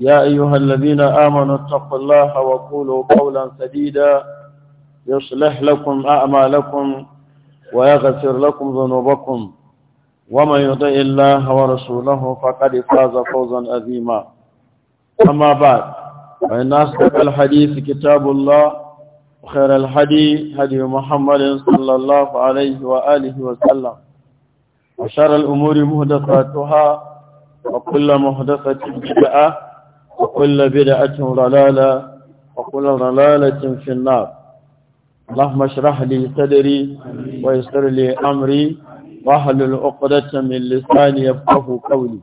يا أيها الذين آمنوا اتقوا الله وقولوا قولا سديدا يصلح لكم أعمالكم ويغفر لكم ذنوبكم ومن يطع الله ورسوله فقد فاز فوزا عظيما أما بعد فإن أصدق الحديث كتاب الله وخير الحديث هدي محمد صلى الله عليه وآله وسلم وشر الأمور مهدفاتها وكل مهدفة بدعة وكل بدعة ضلالة وكل ضلالة في النار اللهم اشرح لي صدري ويسر لي أمري واحلل عقدة من لساني يفقه قولي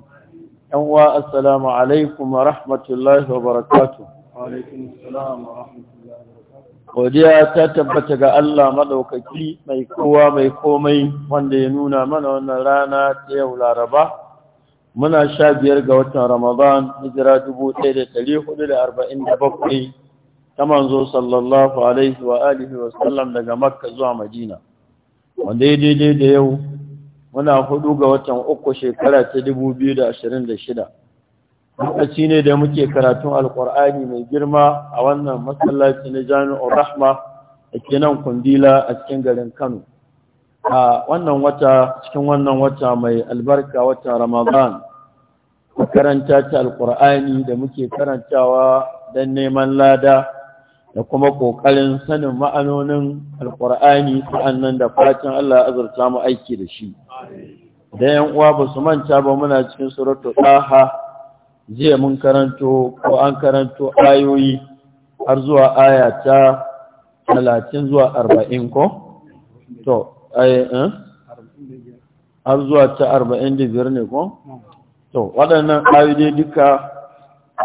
أنواء السلام عليكم ورحمة الله وبركاته وعليكم السلام ورحمة الله وبركاته godiya ta tabbata ga Allah madaukaki mai kowa mai komai wanda ya nuna mana wannan rana ta yau Laraba muna sha biyar ga watan ramadan hijira dubu ɗaya da ɗari hudu da arba'in da bakwai ta manzo sallallahu alaihi wa alihi wa sallam daga makka zuwa madina wanda ya daidai da yau muna hudu ga watan uku shekara ta dubu biyu da ashirin da shida lokaci ne da muke karatun alkur'ani mai girma a wannan masallaci na jami'ar rahma da ke nan kundila a cikin garin kano a wannan wata cikin wannan wata mai albarka wata ramadan karanta ta alkur'ani da muke karantawa don neman lada da kuma ƙoƙarin sanin ma'anonin alkur'ani sa'annan da fatan Allah azurta mu aiki da shi da yan uwa ba su manta ba muna cikin suratu ɗaha jiya mun karanto ko an karanto ayoyi har zuwa aya ta talatin zuwa arba'in ko to Eh? har zuwa ta arba'in da biyar ne ko? to waɗannan ayoyi duka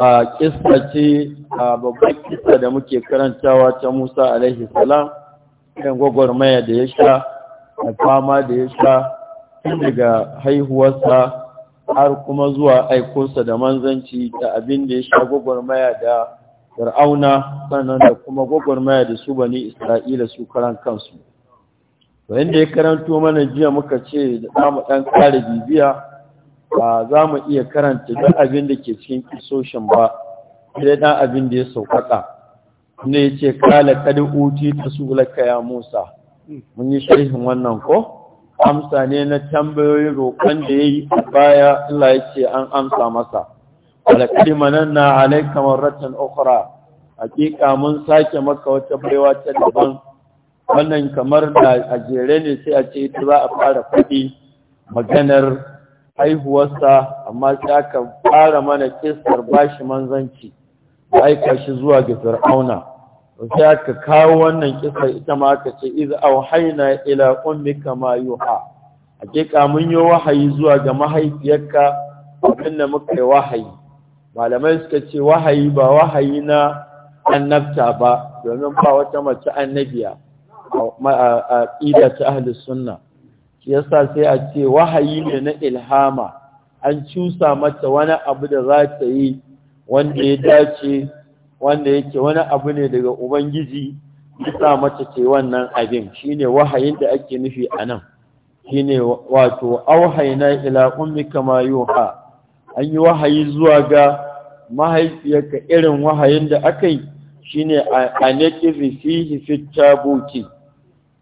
a ƙista ce a babban kisa da muke karantawa ta musa alaihi salam ɗan gwagwarmaya da ya sha da fama da ya sha daga haihuwarsa har kuma zuwa aikosa da manzanci da abin da ya sha gwagwarmaya da fir'auna sannan da kuma gwagwarmaya da su bani isra'ila su karan kansu wanda ya karanto mana jiya muka ce da zamu ɗan kare bibiya ba za mu iya karanta duk abin da ke cikin kisoshin ba sai dan abin da ya sauƙaƙa ne ya ce kala kada uti ta sulaka ya musa mun yi sharhin wannan ko amsa ne na tambayoyin roƙon da yayi yi a baya Allah ya ce an amsa masa na mananna kamar ratan okra hakika mun sake maka wata baiwa ta daban wannan kamar da a jere ne sai a ce ita za a fara faɗi maganar haihuwarsa amma sai aka fara mana kistar bashi manzanci da aika shi zuwa ga fir'auna sai aka kawo wannan kisar ita ma aka ce iz haina ila ummika ma yuha hakika mun yi wahayi zuwa ga mahaifiyarka abinda muka yi wahayi malamai suka ce wahayi ba wahayi na annabta ba domin ba wata mace annabiya a ƙida ta ahalus sunna shi yasa sai a ce wahayi ne na ilhama an cusa mata wani abu da za ta yi wanda ya dace wanda yake wani abu ne daga ubangiji bisa mata ce wannan abin shine wahayin da ake nufi a nan shine wato auhaina ila ummika ma yuha an yi wahayi zuwa ga mahaifiyarka irin wahayin da aka yi shine a naqizi fihi fit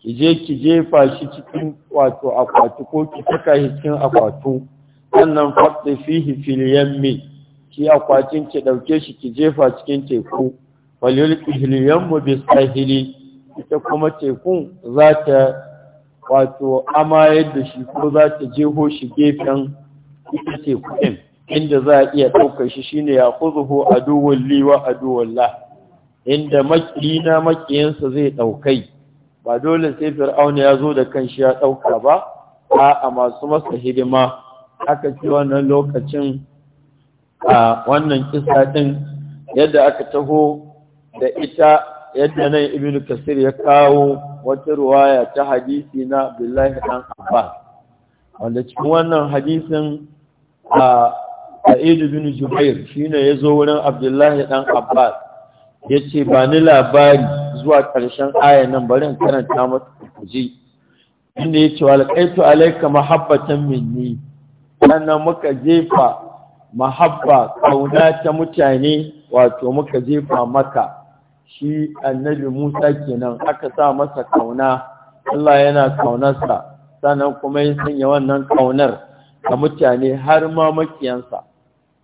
ki je ki jefa shi cikin wato akwati ko ki saka shi cikin akwatu sannan faɗi fihi fil yammi ki akwatin ki ɗauke shi ki jefa cikin teku fil yammi bi sahili ita kuma tekun za ta wato amayar da shi ko za ta jeho shi gefen ita teku ɗin inda za a iya ɗaukar shi shine ya kuzuhu aduwwal li wa duwalla, inda makiyina makiyansa zai ɗaukai ba dole sai fir'auna ya zo da kanshi ya ɗauka ba a masu masa hidima aka ci wannan lokacin a wannan kisa ɗin yadda aka taho da ita yadda nan Ibn kasir ya kawo wata ruwaya ta hadisi na abdullahi dan abbas wanda cikin wannan hadisin a sa'id bin jubair shine zo wurin abdullahi dan abbas yace ba ni labari zuwa ƙarshen ayan nan barin karanta mata kuji inda ya ce walƙaitu alaika mahabbatan minni sannan muka jefa mahabba kauna ta mutane wato muka jefa maka shi annabi Musa kenan aka sa masa kauna Allah yana kaunarsa sannan kuma ya sanya wannan kaunar ga mutane har ma makiyansa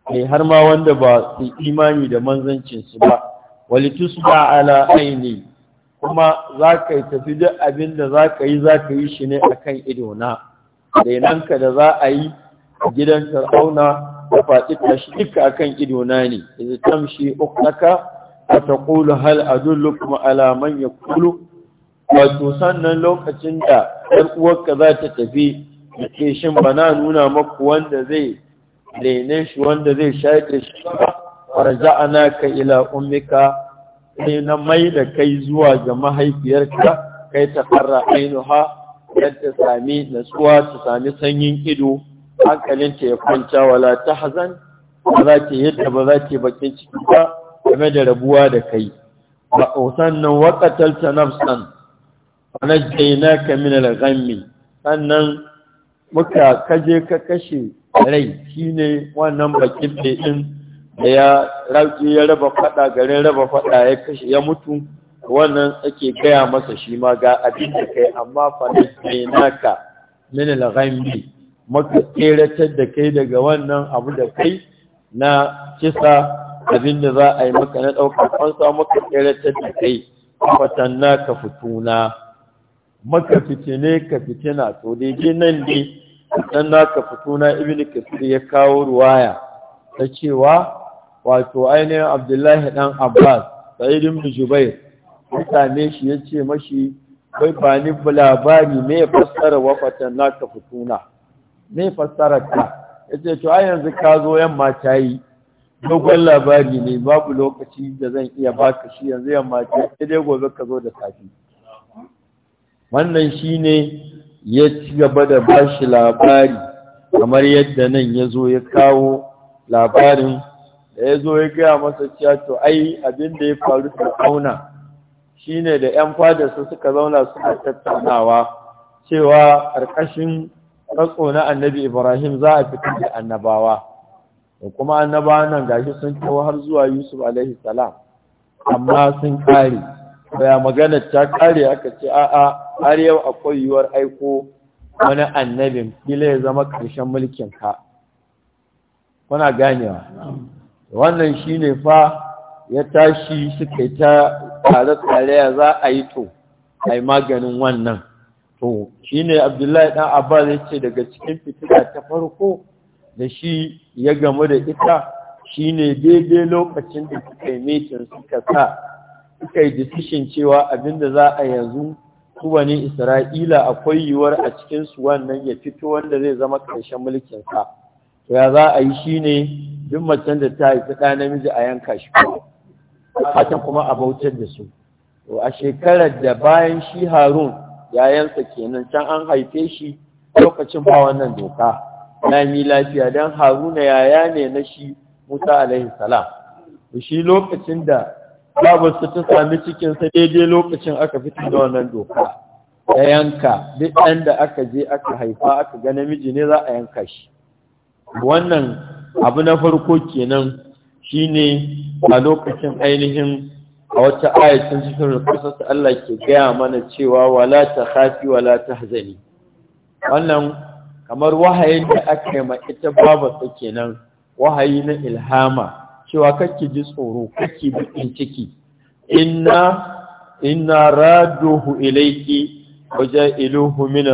kai eh, har ma wanda ba su imani da manzancin su ba walitusba ala aini kuma za ka yi tafi duk abin da za ka yi za ka yi shi ne a kan idona rainanka da za a yi gidan fir'auna da faɗi shi duka a kan idona ne izi tamshi uknaka a ta kulu hal dullu kuma alaman ya kulu wato sannan lokacin da ɗan uwarka za ta tafi da ke shin ba na nuna maku wanda zai rene shi wanda zai shaƙe shi ba warja'ana ka ila ummika sai na mai da kai zuwa ga mahaifiyarka kai ta ƙara ainuha don ta sami natsuwa ta sami sanyin ido hankalinta ya kwanta wala ta hazan ba za ta yadda ba za ta bakin ciki ba game da rabuwa da kai ba sannan ta nafsan Wani najjaina ka min al-ghammi sannan muka kaje ka kashe rai shine wannan bakin ɗin ya rauki ya raba fada garin raba fada ya kashe ya mutu wannan ake gaya masa shi ma ga abin da kai amma falastainaka min al-ghambi maka tseratar da kai daga wannan abu da kai na kisa abin da za a yi maka na ɗaukar fansa maka tseratar da kai fatan ka fituna maka fitine ka fitina to daidai nan ne sannan ka fituna ibn kasir ya kawo ruwaya ta cewa wato ainihin abdullahi ɗan abbas sa'idin jubair mutane shi ya ce mashi bai ba ni labari me fassara wafatan naka fituna me fassara ka ya ce to ai yanzu ka zo yamma ta yi dogon labari ne babu lokaci da zan iya baka shi yanzu yamma ta yi dai gobe ka zo da safi wannan shi ne ya ci gaba da bashi labari kamar yadda nan ya zo ya kawo labarin da ya zo ya gaya masa cewa to ai abin da ya faru da auna shine da 'yan fadarsa suka zauna suna tattaunawa cewa ƙarƙashin ratso na annabi ibrahim za a fitar da annabawa da kuma annabawan nan gashi sun kawo har zuwa yusuf alaihi salam amma sun kare baya magana ta kare aka ce a'a har yau akwai yiwuwar aiko wani annabin kila ya zama ƙarshen mulkin ka kuna ganewa wannan shi ne fa ya tashi suka ta tare-tare ya za a yi to a yi maganin wannan to Shi ne abdullahi ɗan abbas ya ce daga cikin fitila ta farko da shi ya gamu da ita Shi shine daidai lokacin da suka yi metin suka sa suka yi decision cewa abinda za a yanzu su ne isra'ila akwai yiwuwar a cikinsu wannan ya fito wanda zai zama ƙarshen mulkinsa ya za a yi shi ne. duk macen da ta haifi ɗa namiji a yanka shi haka kuma a bautar da su a shekarar da bayan shi harun yayansa kenan can an haife shi lokacin ba wannan doka na mi lafiya don haruna yaya ne na shi musa alaihi salam shi lokacin da su ta sami cikin sa daidai lokacin aka fitar da wannan doka ya yanka duk ɗan da aka je aka haifa aka ga namiji ne za a yanka shi wannan abu na farko kenan shine a lokacin ainihin a wata ayatun cikin ta Allah ke gaya mana cewa wala ta hafi wala ta hazani wannan kamar wahayin da aka yi ita babarsa kenan wahayi na ilhama cewa kake ji tsoro kake bikin ciki inna inna raduhu ilaiki wajen ja'iluhu min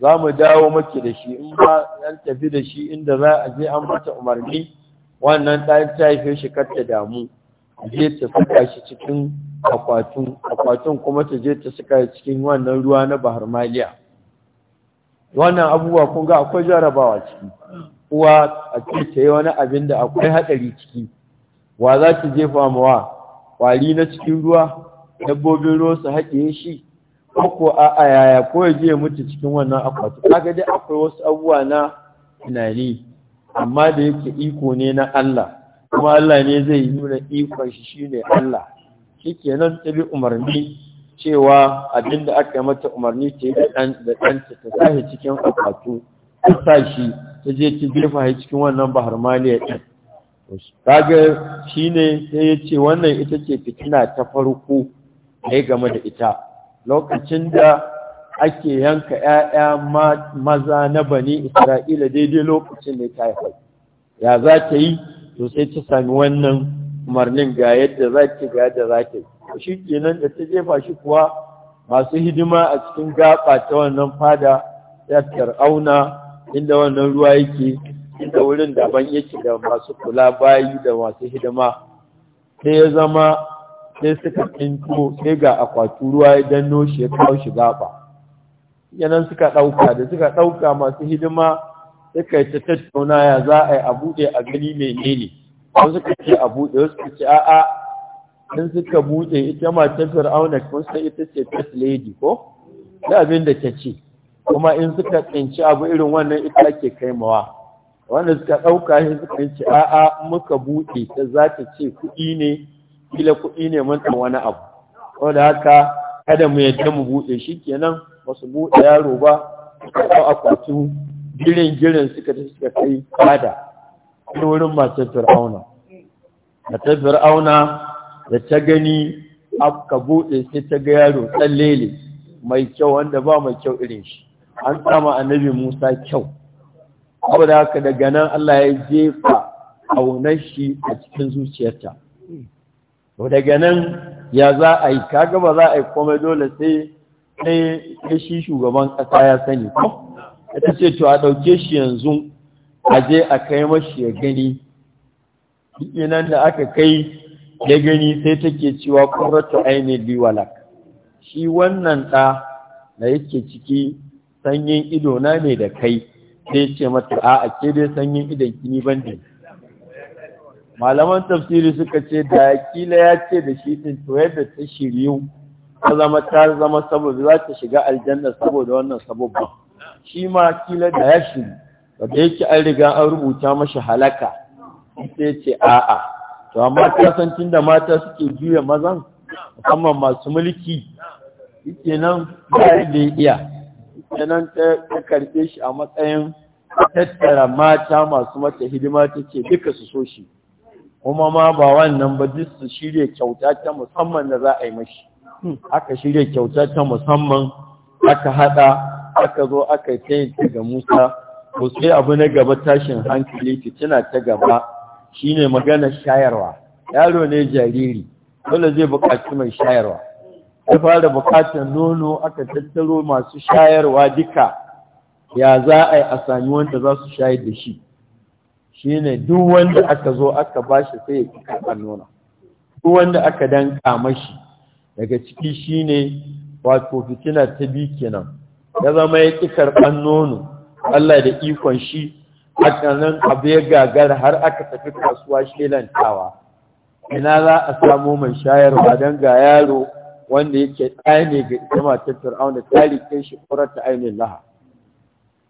za mu dawo maki da shi in ba yan tafi da shi inda za a je an mata umarni wannan ɗan ta haife shi kar ta damu je ta saka shi cikin akwatun akwatun kuma ta je ta saka cikin wannan ruwa na bahar maliya wannan abubuwa kun ga akwai jarabawa ciki uwa a ce ta yi wani abin da akwai haɗari ciki wa za ta jefa mawa kwari na cikin ruwa dabbobin ruwa su haƙe shi ko a yaya ko ya je mutu cikin wannan akwati kaga dai akwai wasu abubuwa na tunani amma da yake iko ne na Allah kuma Allah ne zai nuna ikon shi shine Allah shikenan ta bi umarni cewa abinda aka mata umarni ta yi da ɗanta ta sahi cikin akwatu ta shi ta je ta jefa cikin wannan bahar maliya ɗin kaga shine sai ya ce wannan ita ce fitina ta farko ai ya game da ita lokacin da ake yanka ‘ya'ya maza na bani Isra'ila daidai lokacin da ta haifai. Ya za ta yi, to sai ta sami wannan umarnin ga yadda za ta ga yadda za ta yi. Shi kenan da ta jefa shi kuwa masu hidima a cikin gaba ta wannan fada ya tar'auna inda wannan ruwa yake, inda wurin daban yake da masu kula bayi da masu hidima. Sai ya zama sai suka ɗinko sai ga akwatu ruwa ya danno shi ya kawo shi gaba yanan suka ɗauka da suka ɗauka masu hidima suka yi ta tattauna ya za a yi a buɗe a gani mai nene wasu suka ce a buɗe wasu suka ce a'a in suka buɗe ita matar fir'auna kun sai ita ce first lady ko da abin da ta ce kuma in suka tsinci abu irin wannan ita ake kaimawa wanda suka ɗauka shi suka yi ce a'a muka buɗe ta za ta ce kuɗi ne kila kuɗi ne mun wani abu da haka kada mu yadda mu buɗe shi kenan ba su buɗe yaro ba ko akwatin girin girin suka ta suka kai fada ta wurin matar fir'auna matar fir'auna da ta gani aka buɗe sai ta ga yaro tsallele mai kyau wanda ba mai kyau irin shi an sama annabi musa kyau saboda haka daga nan allah ya jefa aunar shi a cikin zuciyarta to daga nan ya za a yi kaga ba za a yi komai dole sai sai shi shugaban ƙasa ya sani ko ta ce to a ɗauke shi yanzu a je a kai mashi ya gani nan da aka kai ya gani sai take cewa ƙurratu ainihin liwalak shi wannan ɗa da yake ciki sanyin idona ne da kai sai ce mata a a dai sanyin idon kini ban malaman tafsiri suka ce da kila ya ce da shi din to yadda ta shiryu ta zama ta zama saboda za ta shiga aljanna saboda wannan sababbin. shi ma kila da ya shiryu da yake an riga an rubuta mashi halaka sai ce a'a to amma ta san tunda mata suke juya mazan musamman masu mulki kenan ba da iya kenan ta karɓe shi a matsayin tattara mata masu mata hidima take duka su so shi kuma ma ba wannan ba duk su shirya kyauta ta musamman da za a yi mashi aka shirya kyauta ta musamman aka hada aka zo aka yi ta ga musa ko sai abu na gaba tashin hankali Tana ta gaba shine magana shayarwa yaro ne jariri dole zai buƙaci mai shayarwa Sai fara buƙatar nono aka tattaro masu shayarwa duka ya za a yi a sami wanda za su shayar da shi ne duk wanda aka zo aka ba shi sai ya karɓa nuna duk wanda aka danka shi daga ciki shine wato fitina ta bi kenan ya zama ya ƙi karɓar nono Allah da ikon shi a nan abu ya gagara har aka tafi kasuwa shelantawa ina za a samo mai shayarwa don ga yaro wanda yake ɗaya ne ga ita matar fir'auna ta rike shi ƙurata ainihin lahar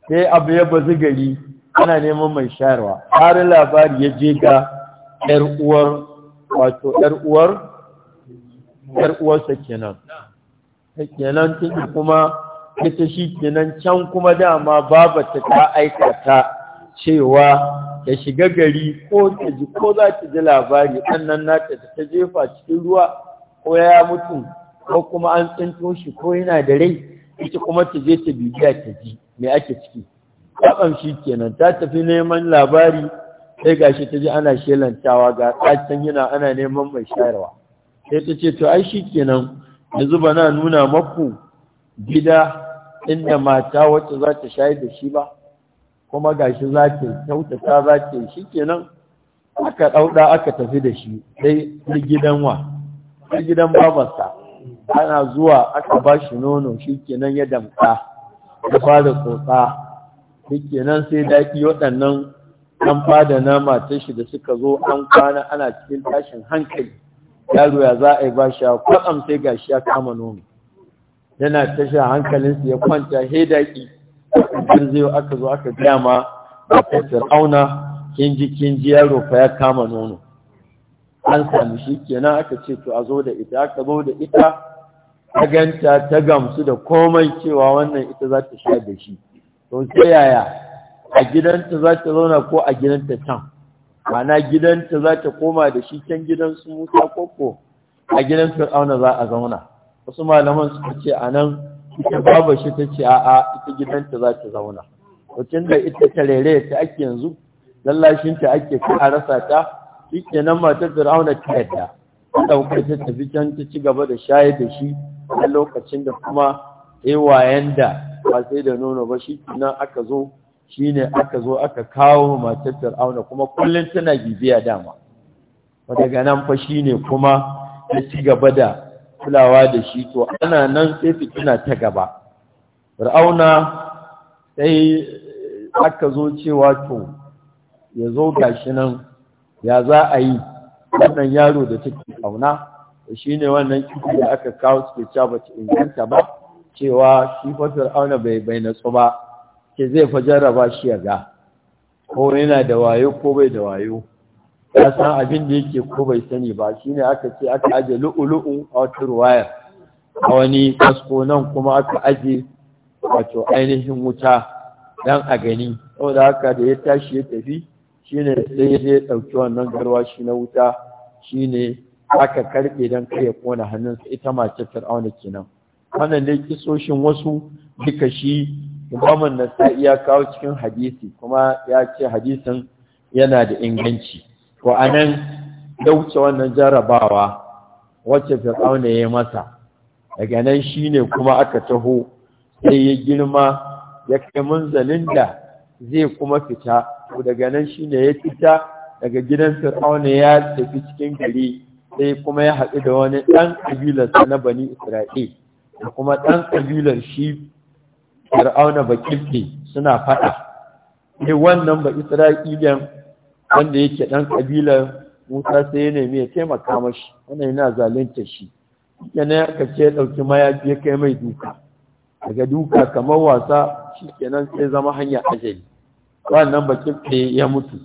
sai abu ya bazu gari ana neman mai shayarwa har labari ya je ga yar wato uwarsa kenan kenan tun kuma ita shi kenan can kuma dama babata ta aikata cewa ya shiga gari ko ta ji ko za ta ji labari sannan nata ta jefa cikin ruwa ko ya mutu ko kuma an tsinto shi ko yana da rai ita kuma ta je ta bibiya ta ji me ake ciki Babban shi kenan ta tafi neman labari sai gashi ta ji ana shelantawa ga tsacen yana ana neman mai shayarwa sai ta ce to ai shi kenan yanzu ba na nuna maku gida inda mata wacce za ta shayar da shi ba kuma gashi za ta kyautata za ta shi kenan aka ɗauɗa aka tafi da shi sai gidan wa gidan babarsa ana zuwa aka ba shi nono shi kenan ya damka ya fara tsotsa duk kenan sai daki waɗannan an fada na matan shi da suka zo an kwana ana cikin tashin hankali yaro ya za a yi ba shi kwatsam sai ga shi ya kama nono yana tashi hankalinsu ya kwanta he daki zai aka zo aka gaya ma da ji, kinji kinji yaro fa ya kama nono an sami shi kenan aka ce to a zo da ita aka zo da ita ta ta gamsu da komai cewa wannan ita za ta sha da shi to sai yaya a gidanta za ta zauna ko a gidanta can mana gidanta za ta koma da shi can gidan su musa koko a gidan fir'auna za a zauna wasu malaman suka ce a nan ita babu shi ta ce a'a ita gidanta za ta zauna wacin da ita tarere ta ake yanzu lallashinta ake ka a rasa ta shi nan matar fir'auna ta yadda ta ɗauka ta tafi can ta ci gaba da shayar da shi a lokacin da kuma iwayen da ba sai da nono ba shi nan aka zo shi ne aka zo aka kawo matar fir'auna kuma kullum tana bibiya dama Ba daga nan fa shi ne kuma ya ci gaba da kulawa da shi to ana nan sai fitina ta gaba fir'auna sai aka zo cewa to ya zo gashi nan ya za a yi wannan yaro da take ƙauna shi ne wannan ciki da aka kawo suke cewa ba inganta ba cewa shi fasar auna bai bai natsu ba ke zai fa jarraba shi ya ga ko yana da wayo ko bai da wayo ya san abin da yake ko bai sani ba shi ne aka ce aka aje lu'ulu'u a wata ruwayar a wani kasko nan kuma aka aje wato ainihin wuta dan a gani saboda haka da ya tashi ya tafi shine sai ya ɗauki wannan garwashi na wuta shine aka karɓe don kai ya kona hannunsa ita mace fir'auna kenan wannan dai kisoshin wasu duka shi imamun sa iya kawo cikin hadisi kuma ya ce hadisin yana da inganci To anan ya wuce wannan jarabawa wacce fir'auna ya yi masa daga nan shine kuma aka taho sai ya girma ya kai munzalin da zai kuma fita daga nan shine ya fita daga gidan fir'auna ya tafi cikin gari sai kuma ya haɗu da wani ɗan ƙabilarsa na bani isra'il da kuma ɗan ƙabilar shi fir'auna bakifte suna faɗa sai wannan ba isra'iliyan wanda yake ɗan ƙabilar musa sai ya nemi ya taimaka mashi wannan yana zalunta shi kenan ya ce ya ɗauki mayafi ya kai mai duka daga duka kamar wasa shi kenan sai zama hanyar ajali wannan bakifte ya mutu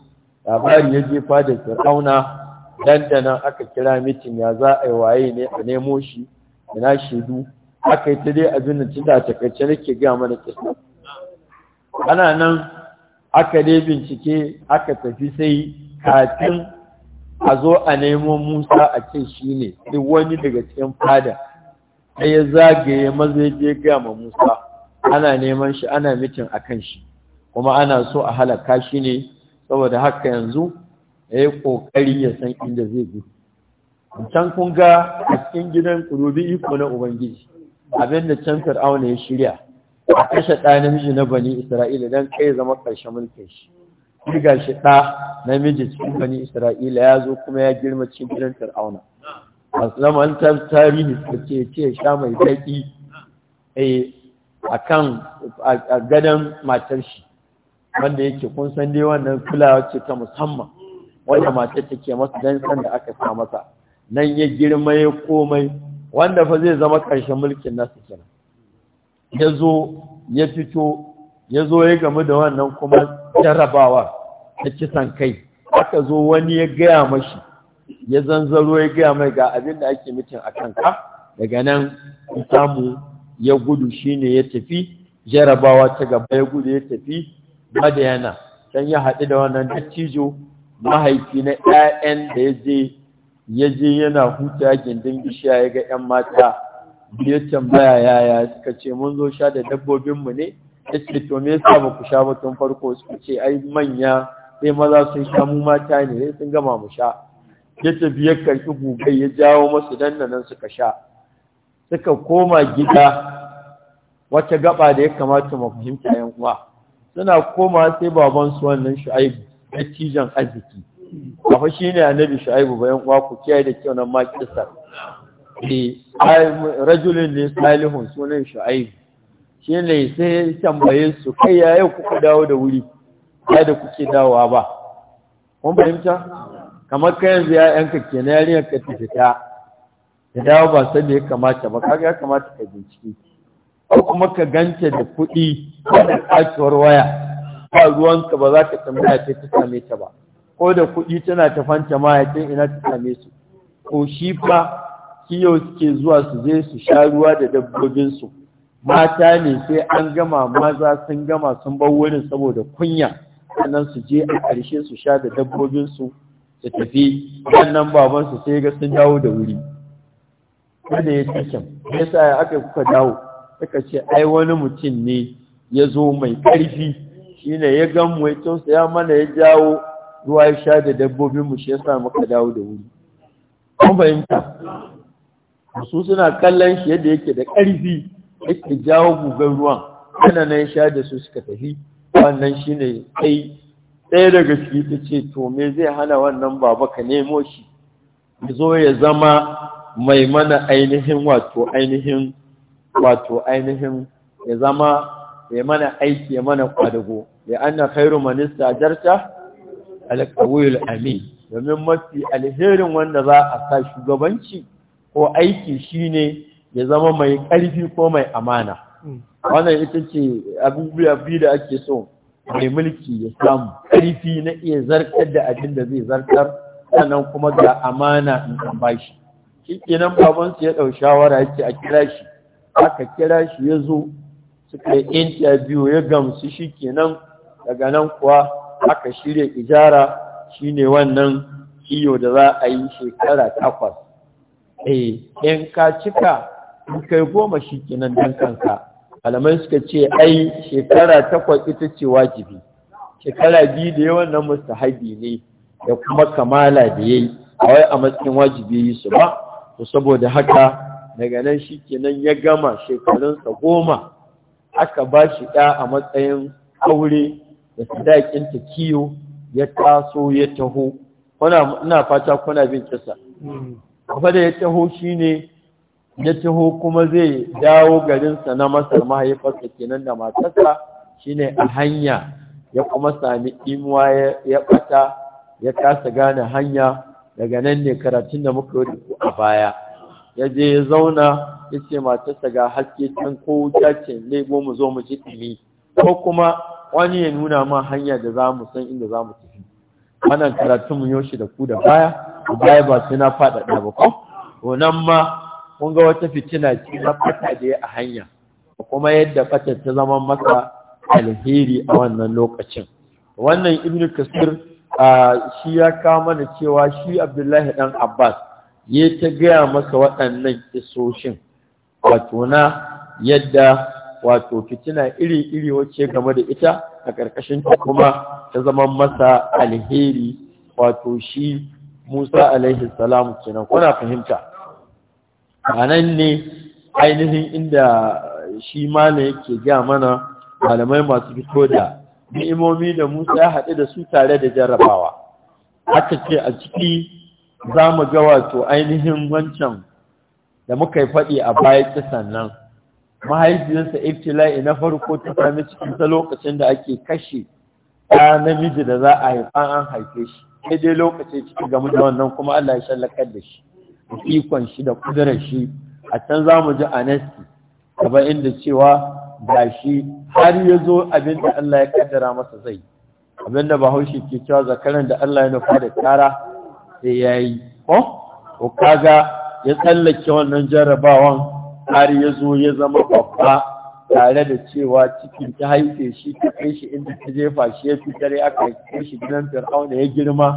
labari ya jefa da fir'auna dandanan aka kira mitin ya za a yi waye ne a nemo shi ina shaidu aka yi ta dai abin da tunda takaice nake gaya mana kisa ana nan aka dai bincike aka tafi sai kafin a zo a nemo musa a ce shi ne duk wani daga cikin fada sai ya zagaye maza ya je gaya ma musa ana neman shi ana mitin a kan shi kuma ana so a halaka shi ne saboda haka yanzu ya yi ƙoƙari ya san inda zai gudu can kun ga a cikin gidan kurubi iko na ubangiji abin da can fir'auna ya shirya a kashe ɗa namiji na bani isra'ila don kai zama ƙarshen mulkin shi ga shi ɗa namiji cikin bani isra'ila ya zo kuma ya girma cikin gidan fir'auna masu ta tarihi ta ce ce sha mai zaƙi eh, a kan a gadon matar shi wanda yake kun san dai wannan kulawa ce ta musamman wanda mace take masa dan san da aka sa masa nan ya girma ya komai wanda fa zai zama karshen mulkin nasu kenan ya ya fito yazo zo ya gamu da wannan kuma jarabawa ta kisan kai aka zo wani ya gaya mashi ya zanzaro ya gaya mai ga abin da ake mitin akan kanka daga nan samu ya gudu shine ya tafi jarabawa ta gaba ya gudu ya tafi yana can ya haɗu da wannan dattijo mahaifi na ƴaƴan da ya je ya je yana huta gindin bishiya ya ga 'yan mata ya tambaya yaya suka ce mun zo sha da dabbobinmu ne ya ce to me yasa ba ku sha ba tun farko suka ce ai manya sai maza sun sha mu mata ne sai sun gama mu sha ya ce ya karɓi gugai ya jawo masu dandanan suka sha suka koma gida wata gaba da ya kamata mu fahimta yan uwa suna koma sai baban su wannan shu'aibu dattijan arziki ba shi ne annabi shu'aibu bayan kwa ku kiyaye da kyau nan ma kissa eh rajulun ne salihun sunan shu'aibu shi ne sai tambaye su kai ya yau kuka dawo da wuri ba da kuke dawowa ba kun fahimta kamar ka yanzu ya yanka kenan yarinyar ka ta fita da dawo ba san da ya kamata ba kaga ya kamata ka bincike ko kuma ka ganta da kuɗi da kacewar waya ba ruwanka ba za ka tambaya kai ta same ta ba ko da kuɗi tana ta fanta mahaifin ina ta same su ko shi fa kiyo suke zuwa su je su sha ruwa da dabbobinsu mata ne sai an gama maza sun gama sun bar wurin saboda kunya sannan su je a ƙarshe su sha da dabbobin su tafi sannan babansu sai ga sun dawo da wuri wanda ya cikin ya sa aka kuka dawo suka ce ai wani mutum ne ya zo mai ƙarfi shine ya gan mu ya tausaya mana ya jawo ruwa ya sha da dabbobin mu shi sa muka dawo da wuri kun fahimta su suna kallon shi yadda yake da ƙarfi yake jawo gugan ruwan ana nan sha da su suka tafi wannan shine kai ɗaya daga ciki ta ce to me zai hana wannan baba ka nemo shi ya zo ya zama mai mana ainihin wato ainihin wato ainihin ya zama ya mana aiki ya mana kwadago ya anna khairu man istajarta al amin domin mafi alherin wanda za a sa shugabanci ko aiki shine ya zama mai karfi ko mai amana wannan ita ce abubuwa biyu da ake so mai mulki ya samu Karfi na iya zartar da abin da zai zartar sannan kuma ga amana in kan bashi shi kenan babansu ya ɗau shawara yake a kira shi aka kira shi ya zo suka yi interview ya gamsu shi kenan daga nan kuwa aka shirya ijara Shi ne wannan iyo da za a yi shekara takwas eh in ka cika in kai goma shi kenan dan kanka alamai suka ce ai shekara takwas ita ce wajibi shekara biyu da yawan nan mustahabi ne da kuma kamala da ya yi. wai a matsayin wajibi yi su ba to saboda haka daga nan shi kenan ya gama shekarunsa goma aka ba shi ɗa a matsayin aure da sadakin ta kiyo ya taso ya taho ina fata kuna bin kisa Kuma da ya taho ne ya taho kuma zai dawo garinsa na masar mahaifarsa kenan da matarsa shine a hanya ya kuma sami imuwa ya ɓata ya kasa gane hanya daga nan ne karatun da muka yi a baya ya je ya zauna ya ce matarsa ga haske can ko wuta ce lebo mu zo mu ji ɗumi ko kuma wani ya nuna ma hanya da za mu san inda za mu tafi wannan karatun mu yoshi da ku da baya baya ba sai na faɗaɗa ba ko to ma kun ga wata fitina ce na fata da a hanya kuma yadda fata ta zama masa alheri a wannan lokacin wannan ibnu kasir shi ya kawo mana cewa shi abdullahi dan abbas ya ta gaya masa waɗannan isoshin wato na yadda wato fitina iri-iri wacce game da ita a ƙarƙashin ta kuma ta zama masa alheri wato shi Musa alaihi salamu kenan kuna fahimta anan ne ainihin inda shi malam yake gaya mana malamai masu fito da ni'imomi da Musa ya haɗu da su tare da jarrabawa aka ce a ciki za mu ga wato ainihin wancan da muka yi faɗi a baya kisan nan mahaifiyarsa iftila'i na farko ta sami cikin ta lokacin da ake kashe ɗa namiji da za a haifa an haife shi sai dai lokaci ciki ga da wannan kuma Allah ya shallakar da shi da ikon shi da kudurar shi a can za mu ji anasti gaba inda cewa da shi har ya zo abin da Allah ya kaddara masa zai Abin abinda bahaushe ke cewa zakaran da Allah ya nufa da tara sai ya yi ko? ko kaga ya tsallake wannan jarabawan har ya zo ya zama babba tare da cewa cikin ta haife shi ta kai shi inda ta jefa shi ya fitare aka kai shi gidan fir'auna ya girma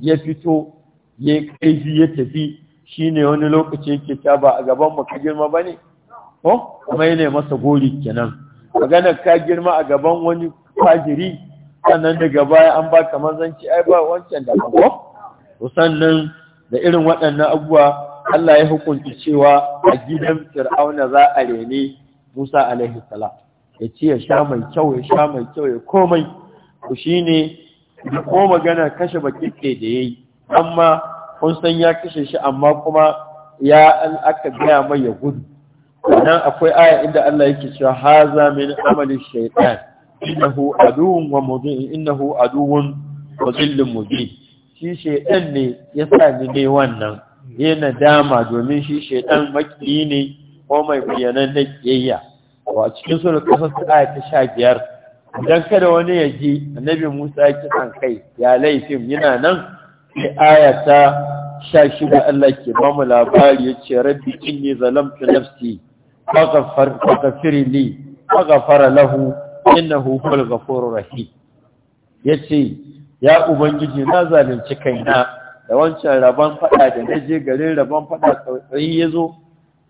ya fito ya kaifi ya tafi shine wani lokaci yake ta ba a gaban mu ka girma bane ko kuma yana masa gori kenan magana ka girma a gaban wani fajiri sannan daga baya an ba ka manzanci ai ba wancan da ko sannan da irin waɗannan abubuwa Allah ya hukunta cewa a gidan Fir'auna za a rene Musa alaihi salam ya ce ya sha mai kyau ya sha mai kyau ya komai ku shine da ko magana kashe baki ke da yayi amma kun san ya kashe shi amma kuma ya an aka gaya mai ya gudu sannan akwai aya inda Allah yake cewa haza min amali shaytan innahu aduwwun wa mudin innahu aduwwun wa zillun mudin shi shaidan ne ya sa ni dai wannan ya nadama domin shi shaidan makiyi ne ko mai bayanan na kiyayya wa cikin sura kasar aya ta sha biyar idan kada wani ya ji annabi musa ya kisan kai ya laifin yana nan sai aya ta sha shida allah ke ba mu labari ya ce rabbi zalam zalamtu nafsi faghfir li faghfara lahu innahu huwal rahi ya ce. ya ubangiji na zalunci kaina da wancan rabon fada da na je garin rabon fada tsautsayi ya zo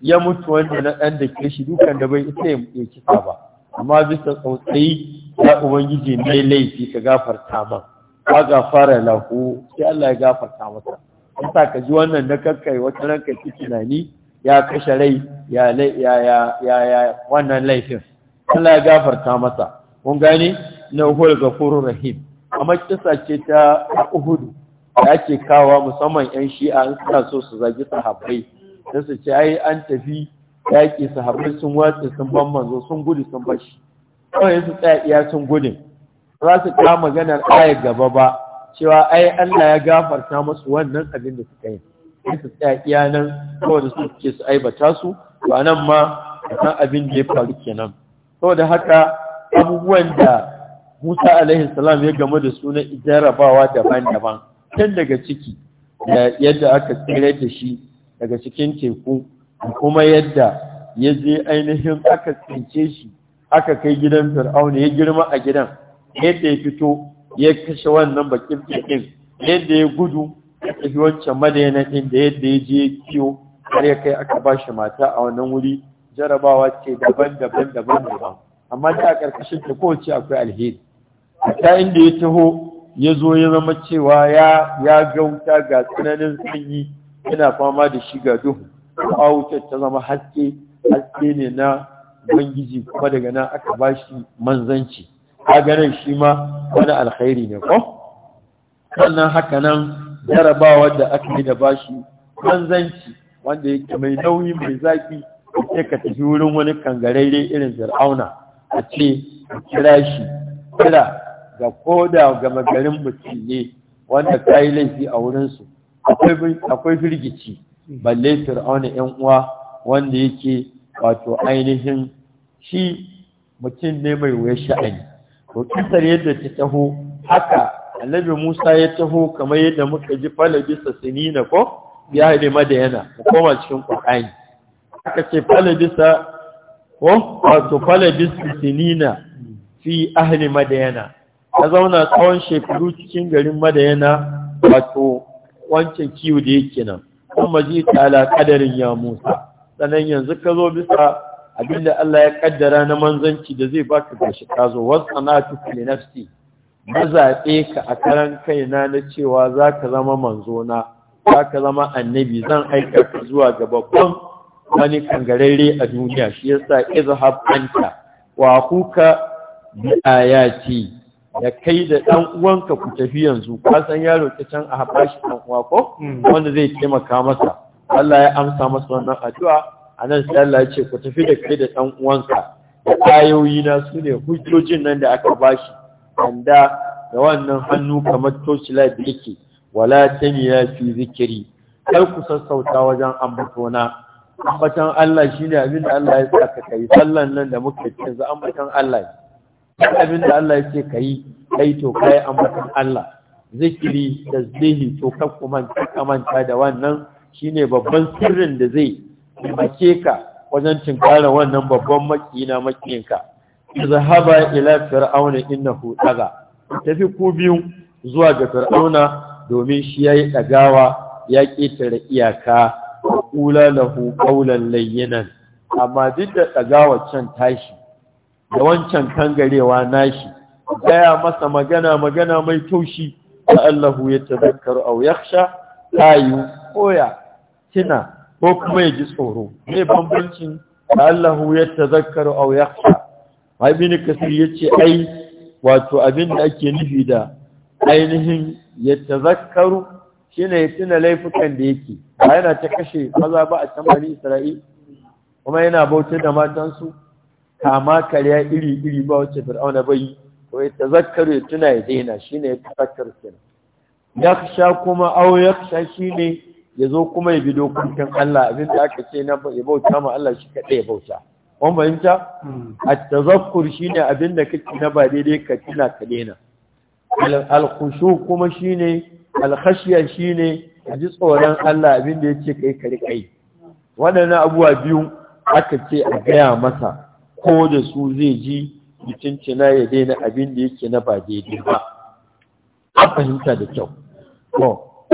ya mutu wanda na ɗan da ke dukan da bai ita ya kisa ba amma bisa tsautsayi ya ubangiji mai laifi ka gafarta Ba ka gafara lahu sai Allah ya gafarta masa yasa ka ji wannan da kakkai wata ranka ki tunani ya kashe rai ya wannan laifin Allah ya gafarta masa kun gane na huwal gafurur rahim amma kisa ce ta Uhudu. da ake kawa musamman yan shi'a in suna so su zagi sahabbai sai su ce ai an tafi yaƙi sahabbai sun wace sun ban manzo sun gudu sun bashi kawai su tsaya iya sun gudun za su kawo maganar ayar gaba ba cewa ai Allah ya gafarta masu wannan abin da suka yi sai su tsaya iya nan kawai da su ke su aibata su ba nan ma a kan abin da ya faru kenan saboda haka abubuwan da Musa alaihi salam ya game da sunan jarabawa daban-daban tun daga ciki da yadda aka tsere da shi daga cikin teku kuma yadda ya je ainihin aka tsince shi aka kai gidan fir'auna ya girma a gidan yadda ya fito ya kashe wannan bakin ɗin yadda ya gudu ya tafi wancan madayana ɗin da yadda ya je kiyo har ya kai aka bashi mata a wannan wuri jarabawa ce daban-daban daban-daban amma da a ƙarƙashin ta kowace akwai alheri a inda ya taho ya zo ya zama cewa ya gauta ga tsananin sanyi yana fama da shiga duhu a wutar ta zama haske haske ne na bangiji, kuma daga nan aka ba shi manzanci ganin shi ma wani alkhairi ne ko sannan haka nan jarabawa da aka yi da ba shi manzanci wanda yake mai nauyi mai zafi ya ka tafi wurin wani kangarairai irin zar'auna a ce kira shi kira ga koda ga magarin mutum ne wanda ka yi laifi a wurinsu akwai firgici balle fir'auna yan uwa wanda yake wato ainihin shi mutum ne mai wuya sha'ani to kisar yadda ta taho haka annabi musa ya taho kamar yadda muka ji falabisa na ko ya haɗe Yana" mu koma cikin ƙwaƙani aka ce falabisa ko wato falabisa na fi ahli madayana ya zauna tsawon shekaru cikin garin madayana wato wancan kiwo da yake nan kuma ji ala kadarin ya musa sanan yanzu ka zo bisa abinda Allah ya kaddara na manzanci da zai baka gashi ka zo wasa na tufi nafsi na zaɓe ka a karan kaina na cewa za ka zama manzona za ka zama annabi zan aika ka zuwa ga babban wani kangararre a duniya shi yasa izhab anta wa huka bi ayati da kai da ɗan uwanka ku tafi yanzu ka san yaro ke can a haɓa shi ɗan uwa ko hmm. wanda zai taimaka masa Allah ya amsa masa wannan addu'a a nan sai Allah ya ce ku tafi da kai da ɗan uwanka da ayoyi na su ne hujjojin nan da aka bashi wanda da wannan hannu kamar tocila da yake wala ya fi zikiri kar ku sassauta wajen ambatona ambatan Allah shine abin da Allah ya saka kai sallan nan da muke cin za ambatan Allah duk abin da Allah ya ce ka kai to kai ambatan Allah zikiri da zihi to ka manta da wannan shine babban sirrin da zai taimake ka wajen tinkara wannan babban makina makinka izhaba ila fir'auna innahu daga tafi ku biyu zuwa ga fir'auna domin shi yayi dagawa ya ketare iyaka qula lahu layyinan amma duk da dagawa can tashi da wancan kangarewa nashi gaya masa magana magana mai taushi Allah ya tazakkaru aw yakhsha ayu koya kina ko kuma ya ji tsoro me bambancin Allah ya tazakkaru aw yakhsha ibn kasir yace ai wato abin da ake nufi da ainihin ya tazakkaru shine ya tuna laifukan da yake ba yana ta kashe maza ba a can israi kuma yana bautar da matansu kama karya iri iri ba wacce fir'auna yi. Ko ya tazakkaru ya tuna ya daina shine ya tazakkaru kenan sha kuma shi ne ya zo kuma ya bi dokokin Allah abin da aka ce na ya bauta ma Allah shi kadai ya bauta kun fahimta hmm. at shi ne abin da kake na ba daidai ka tuna ka daina al shi kuma alkashiya al ne a ji tsoron Allah abin da ce kai kari kai waɗannan abubuwa biyu aka ce a gaya masa ko da su zai ji mutuncina ya daina abin da yake na ba daidai ba a fahimta da kyau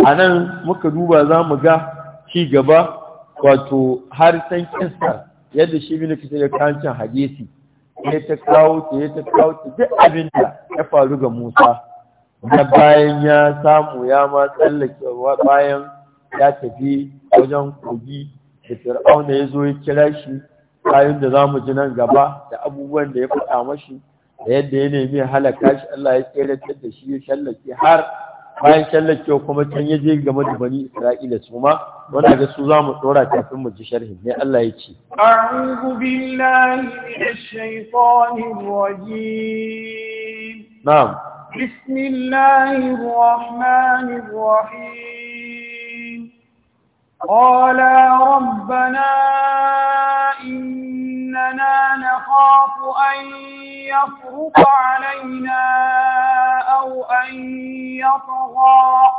a nan muka duba za mu ga ci gaba wato har san kinsa yadda shi na kisa ya kancin hadisi ya ta kawo ta ya ta kawo ta duk abin da ya faru ga musa na bayan ya samu ya ma tsallake bayan ya tafi wajen kogi da fir'auna ya zo ya kira shi kayan da za mu ji nan gaba da abubuwan da ya faɗa mashi da yadda ya nemi halaka shi Allah ya tseratar da shi ya shallake har bayan shallake kuma can ya je game da bani Isra'ila su ma wanda ga su za mu ɗora kafin mu ji sharhi ne Allah ya ce. A'udhu billahi minash shaitanir rajim. Na'am. Bismillahir rahmanir rahim. Qala rabbana ربنا نخاف أن يفرق علينا أو أن يطغى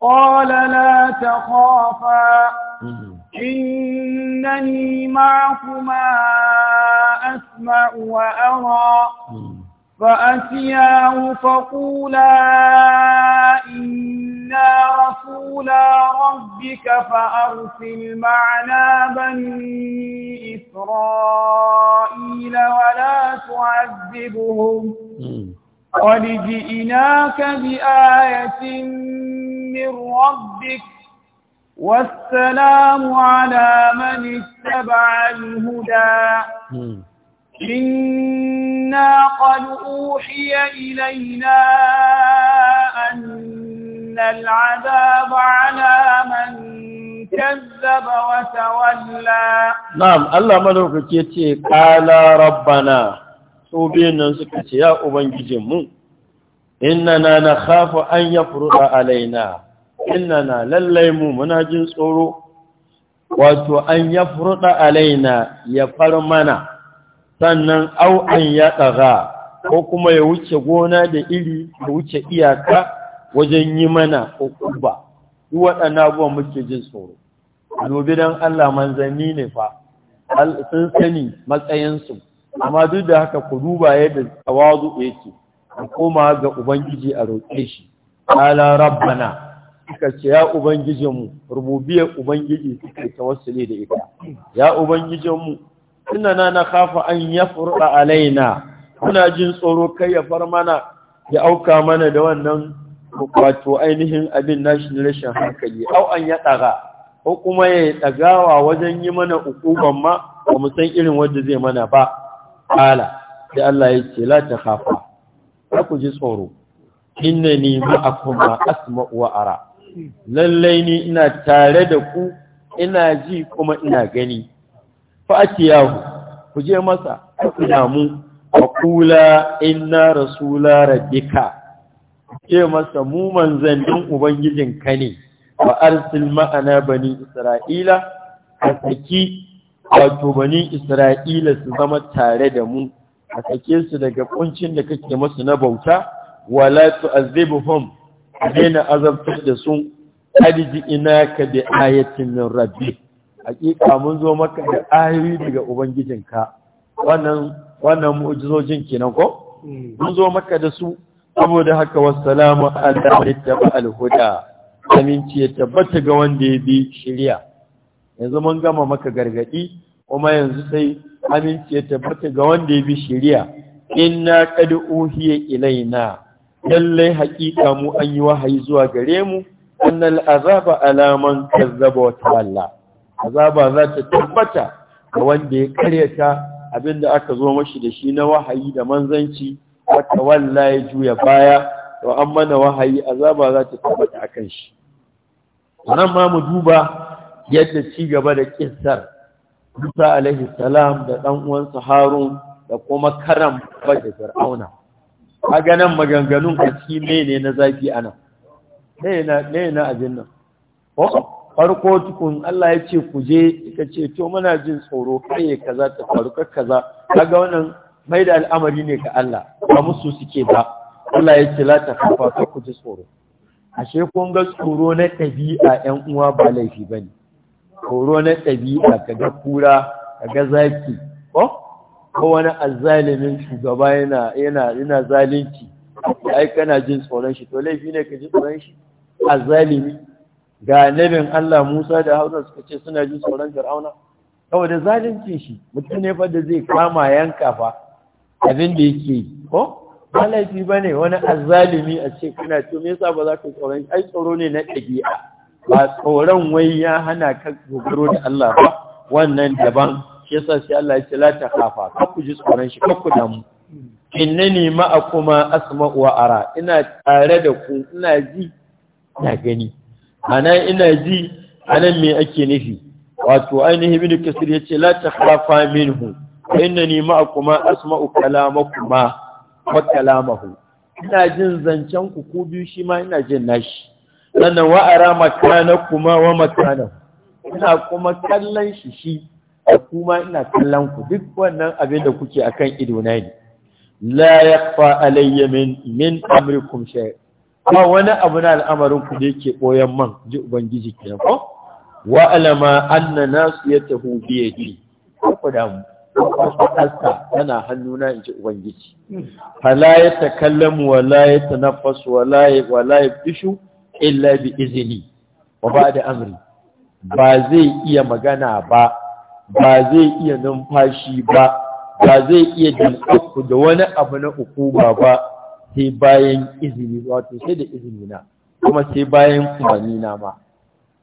قال لا تخافا إنني معكما أسمع وأرى فأتياه فقولا إنا رسولا ربك فأرسل معنا بني إسرائيل ولا تعذبهم قد جئناك بآية من ربك والسلام على من اتبع الهدى إنا قد أوحي إلينا أن العذاب على من كذب وتولى نعم الله ملوك يتي قال ربنا سوبينا سكت يا أبنجمو إننا نخاف أن يفرض علينا إننا لليمو مناجن صورو wato an ya furɗa alaina ya farmana sannan au an ya ɗaga ko kuma ya wuce gona da iri ya wuce iyaka wajen yi mana ƙuba yi waɗannan abuwa muke jin tsoro annobi don Allah manzanni ne fa sun sani matsayinsu amma duk da haka ku duba yadda tawazu yake a koma ga ubangiji a roƙe shi ala rabbana suka ce ya ubangijinmu rububiyar ubangiji suka tawassule da ita ya ubangijinmu inna na khafa an yafra alaina Kuna jin tsoro kai ya far mana ya auka mana da wannan wato ainihin abin nashi na rashin hankali au an ya daga ko kuma ya dagawa wajen yi mana ukuban ma ba mu san irin wanda zai mana ba ala sai Allah ya ce la ta khafa ka ku ji tsoro innani ma'akum asma'u wa ara lallai ni ina tare da ku ina ji kuma ina gani fa'atiyahu ku je masa ku damu a kula inna rasula rabbika ke masa mu manzannin ubangijin ka ne ba arsil ma'ana bani isra'ila a saki wato bani isra'ila su zama tare da mu a sake su daga kuncin da kake masu na bauta wala a daina azabtar da su adji ina ka bi ayatin rabbi hakika mun zo maka da ayoyi daga ubangijinka wannan wannan mu'jizojin kenan ko hmm. mun zo maka da su saboda haka wassalamu ala man ittaba al-huda aminci ya tabbata ga wanda ya bi shari'a yanzu mun gama maka gargadi kuma yanzu sai aminci ya tabbata ga wanda ya bi shari'a inna qad uhiya ilaina lalle hakika mu an yi wahayi zuwa gare mu annal azaba ala man kazzaba wa tawalla azaba za ta tabbata ga wanda ya karyata abin da aka zo mashi da shi na wahayi da manzanci wata walla ya juya baya to an mana wahayi azaba za ta tabbata akan shi nan ma mu duba yadda ci gaba da kissar Musa alaihi salam da dan uwansa Harun da kuma karam da Fir'auna kaga nan maganganun kaci ne na zafi ana ne na ne na ajin nan farko tukun Allah ya ce ku je ka ce to muna jin tsoro kai kaza ta faru kaza kaga wannan mai da al'amari ne ga Allah ba musu suke ba Allah ya ce la ta kafa ka ku ji tsoro ashe kun ga tsoro na ɗabi'a 'yan uwa ba laifi bane tsoro na ɗabi'a kaga kura kaga zaki ko ko wani azzalimin shugaba yana yana yana zalunci ai kana jin tsoron shi to laifi ne ka ji tsoron shi azzalimi ga nabin Allah Musa da Hausa suka ce suna jin tsoron Fir'auna saboda zalunci shi mutum ne fa da zai kama yanka fa abin da yake ko ba laifi ba ne wani azalimi a ce kana to me yasa ba za ka tsoron ai tsoro ne na dabi'a ba tsoron wai ya hana ka dogaro da Allah ba wannan daban shi yasa sai Allah ya ce la ta khafa ka ku ji tsoron shi ka ku damu innani ma'akuma asma'u wa ara ina tare da ku ina ji na gani ana ina ji anan me ake nufi wato ainihi ibn kasir yace la takhafa minhu innani ma'akuma asma'u kalamakuma wa kalamahu ina jin zancen ku ku biyu shi ma ina jin nashi sannan wa ara makanakuma wa makana ina kuma kallon shi shi kuma ina kallon ku duk wannan abin da kuke akan ido na ne la yaqfa alayya min min amrikum shay'a ba wani abu na al'amarin ku da yake boyan man ji ubangiji ke ko wa alama na nasu ya tahu biye ji ku da mu ƙasa tana hannuna in ji ubangiji Hala ya takallamu wala ya tanaffasu wala wala ya fishu illa bi izini wa ba da amri ba zai iya magana ba ba zai iya numfashi ba ba zai iya jin da wani abu na hukuma ba sai bayan izini wato sai da izini na kuma sai bayan umarni na ma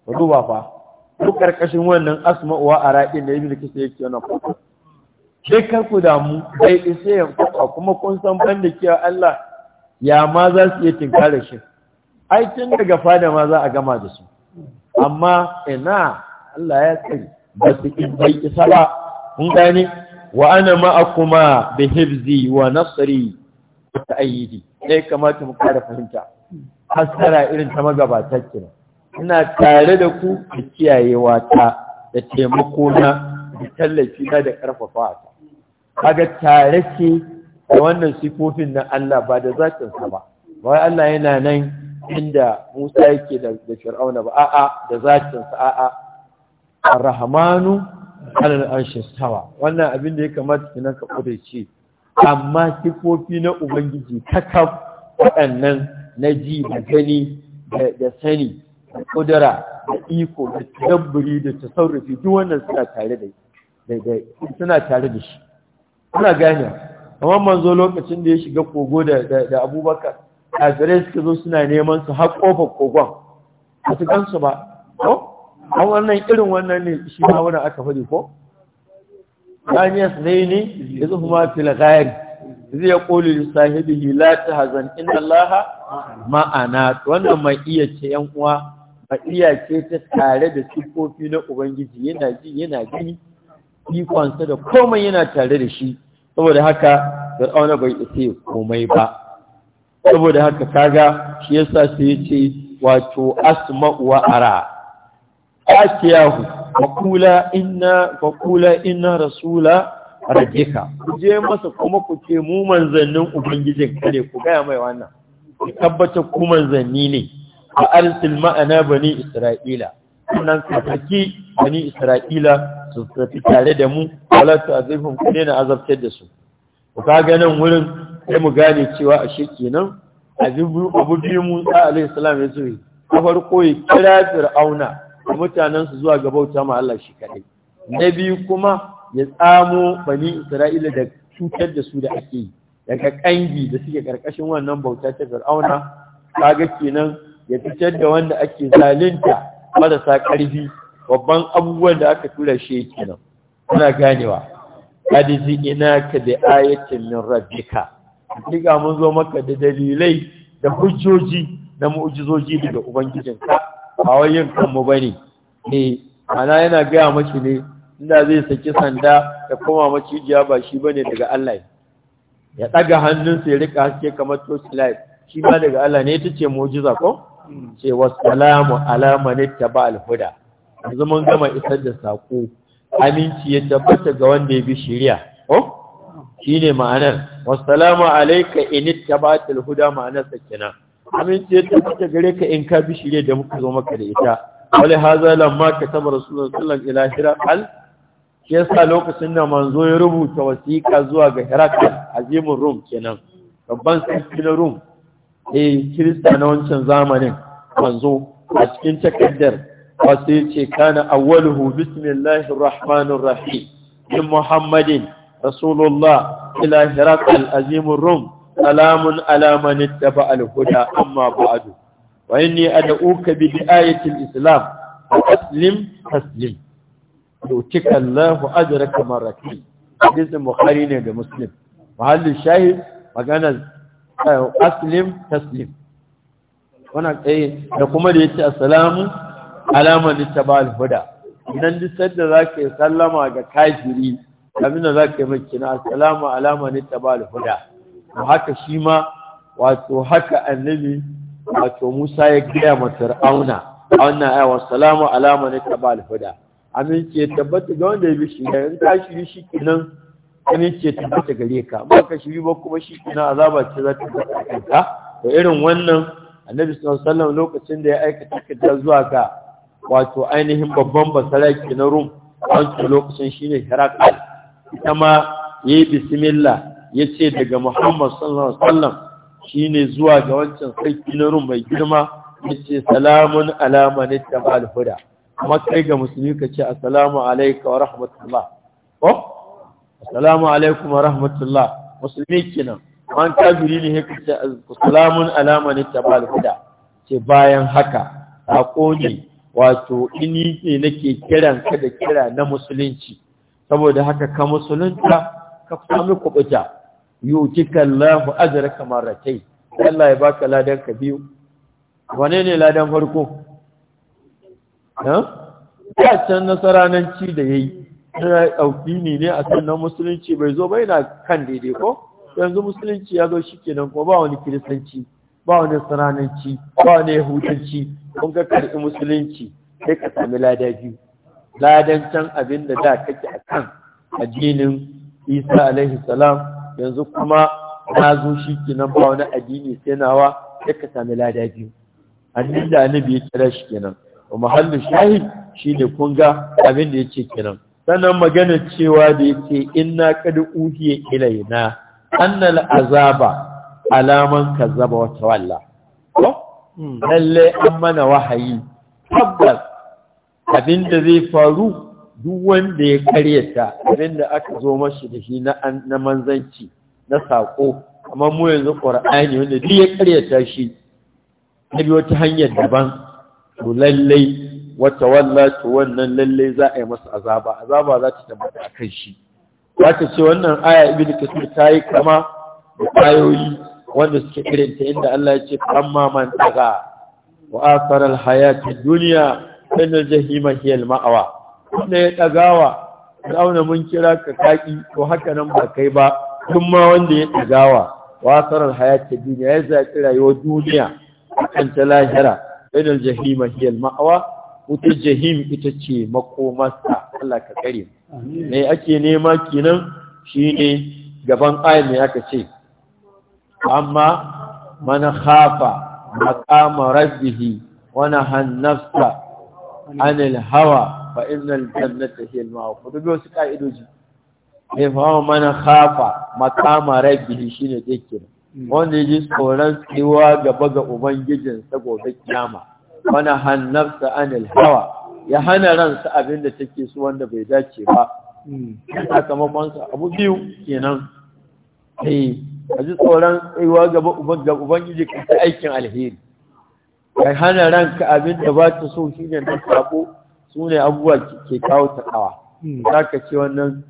ruba fa Ku karkashin wannan asma'u wa ara'in da ibnu kisa yake wannan fa sai kar ku damu sai isa ya kuka kuma kun san ban banda kiyar Allah ya ma za su iya tinkara shi ai tun daga fada ma za a gama da su amma ina Allah ya tsari ba su bai isa ba kun gane wa ana ma'akuma bi hifzi wa nasri ta ayyidi sai kamata mu fara fahimta hasara irin ta magabata kenan ina tare da ku a kiyayewa ta da taimako na da tallafi na da karfafa ta kaga tare ce da wannan sifofin na Allah ba da zakin sa ba wai Allah yana nan inda Musa yake da Fir'auna ba a'a da zakin sa a'a Ar-Rahmanu alal arshi wannan abin da ya kamata kina ka kudace amma sifofi na ubangiji ta kakaf waɗannan na ji da gani da sani da ƙudura da iko da tadabburi da tasarrufi duk wannan suna tare da suna tare da shi Suna gane amma manzo lokacin da ya shiga kogo da abubakar kafirai suka zo suna neman su har kofar kogon ba su gansu ba ko An wannan irin wannan ne shi ma wannan aka faɗi ko ثاني اثنين إذ هما في الغار إذ يقول لصاحبه لا تحزن إن الله ma'ana wannan mai iya ce yan uwa ba iya ce ta tare da sifofi na ubangiji yana ji yana gani ikonsa da komai yana tare da shi saboda haka fir'auna bai isa komai ba saboda haka kaga shi yasa sai ya ce wato asma'u wa ara akiyahu fakula inna fakula inna rasula rabbika ku je masa kuma ku ce mu manzannin ubangijin kare ku gaya mai wannan ku tabbata ku manzanni ne fa arsil ma'ana bani isra'ila sannan ka saki bani isra'ila su tafi tare da mu wala ta azifin ku ne na azabtar da su ku ga nan wurin sai mu gane cewa ashe kenan abu biyu musa alaihi salam ya ce Ku farko ya kira fir'auna mutanensu zuwa ga bauta ma Allah shi kaɗai na biyu kuma ya tsamo bani isra'ila da cutar da su da ake yi daga ƙangi da suke ƙarƙashin wannan bauta ta fir'auna kaga kenan ya fitar da wanda ake zalunta marasa ƙarfi babban abubuwan da aka tura shi kenan kuna ganewa ina ka da ayatin min rabbika diga mun zo maka da dalilai da hujjoji da mu'jizoji daga ubangijinka ba wai yin kanmu ba ne ne eh, ana yana gaya mashi ne inda zai saki sanda ya koma macijiya ba shi ba ne daga Allah ya ɗaga hannunsa ya rika haske kamar tosilife shi ba daga Allah ne ta ce mojiza ko? ce hmm. wasu alamu alama ne ta ba alhuda yanzu mun gama isar da saƙo aminci ya tabbata ga wanda ya bi shirya ko? Hmm. shi ne ma'anar wasalamu alaika init ta ba alhuda ma'anar sakinan. aminci ya tabbata gare ka in ka bi shirye da muka zo maka da ita wale haza lamma ka taba rasulun ila hirakal shi yasa lokacin da manzo ya rubuta wasiƙa zuwa ga hirakal azimin rum kenan babban sarki na rum eh kirista na wancan zamanin manzo a cikin takaddar wasu ya ce kana awwaluhu Bismillahi rahmanir rahim min muhammadin rasulullah ila hirakal azimin rum salamun ala man ittaba al-huda amma ba'du wa inni ad'uka bi ayati al-islam aslim taslim yutika Allahu ajraka marratayn hadisin bukhari ne da muslim mahallu shahid magana eh, aslim taslim da kuma da yace assalamu ala man ittaba al-huda idan duk sadda zaka sallama ga kafiri kamina zaka yi miki na assalamu ala man al-huda haka shi ma wato haka annabi wato Musa ya gaya ma Fir'auna Allah ya wa salamu ne ta bal huda amin ya tabbata ga wanda ya bi shi in ka shi shi kenan amin ke tabbata gare ka ba ka shi ba kuma shi kenan azaba ce za ta tabbata ka to irin wannan annabi sallallahu alaihi wasallam lokacin da ya aikata takarda zuwa ga wato ainihin babban basaraki na Rum a wancan lokacin shine Herakl ita ma yayi bismillah Ya ce daga Muhammad sallallahu alaihi wasallam shine zuwa ga wancan sarki na rum mai girma ce salamun ala man ittaba al'huda". huda kuma kai ga musulmi ce assalamu alayka wa rahmatullah ko assalamu alaikum wa rahmatullah musulmi kenan an guri ne ce assalamun ala man ittaba al-huda ce bayan haka sako ne wato ini ne nake kiran ka da kira na musulunci saboda haka ka musulunta ka fami kubuta yutika Allahu ajraka marakai Allah ya baka ladan ka biyu wane ne ladan farko ya can nasara nan ci da yayi ina ɗaukini ne a sannan musulunci bai zo ba na kan daidai ko yanzu musulunci ya zo shi kenan ko ba wani kiristanci ba wani sananci, ba wani yahudanci kun ga karɓi musulunci sai ka sami lada biyu ladan can abin da kake a kan addinin isa alaihi salam yanzu kuma na zo shi nan ba wani addini sai nawa sai ka sami lada biyu annin da annabi ya kira shi kenan wa mahallu shahid shine kun ga abin da ce kenan sannan magana cewa da ce inna qad uhiya ilaina annal azaba alaman kazzaba wa tawalla ko hmm. lalle an mana wahayi tabbas abin da zai faru duk wanda ya karyata da aka zo mashi da shi na manzanci na saƙo amma mu yanzu ƙwar'ani wanda duk ya karyata shi Ta bi wata hanyar daban to lallai wata walla wannan lallai za a yi masa azaba azaba za ta tabbata a kan shi za ta ce wannan aya ibn kasir ta yi kama da kayoyi, wanda suke irinta inda Allah ya ce amma man daga wa asarar hayati duniya kana jahima hiyal ma'awa wanda ya ɗagawa fir'auna mun kira ka kaki ko haka nan ba kai ba tun ma wanda ya ɗagawa wasarar hayata duniya ya zaƙi rayuwar duniya kan ta lahira ɗan jahim hiyal ma'awa wuta jahim ita ce makomasta Allah ka kare me ake nema kenan ne, gaban ayi ne aka ce amma mana hafa مقام ربه wani hannasta anil hawa. fa innal jannata hiya al-mawa ku dubi wasu ka'idoji ne fa man khafa maqama rabbihi shine dake hmm. wanda yaji tsoron tsiwa gaba ga ubangijin sa gobe kiyama wana hannafsa anil hawa ya hana ransa abinda take su wanda bai dace ba hmm. sakamakon sa abu biyu kenan eh aji tsoron tsiwa gaba ubangiji ka aikin alheri kai hana ranka abinda ba ta so shine na sabo su ne abubuwa ke kawo kawa hmm. za ka ce wannan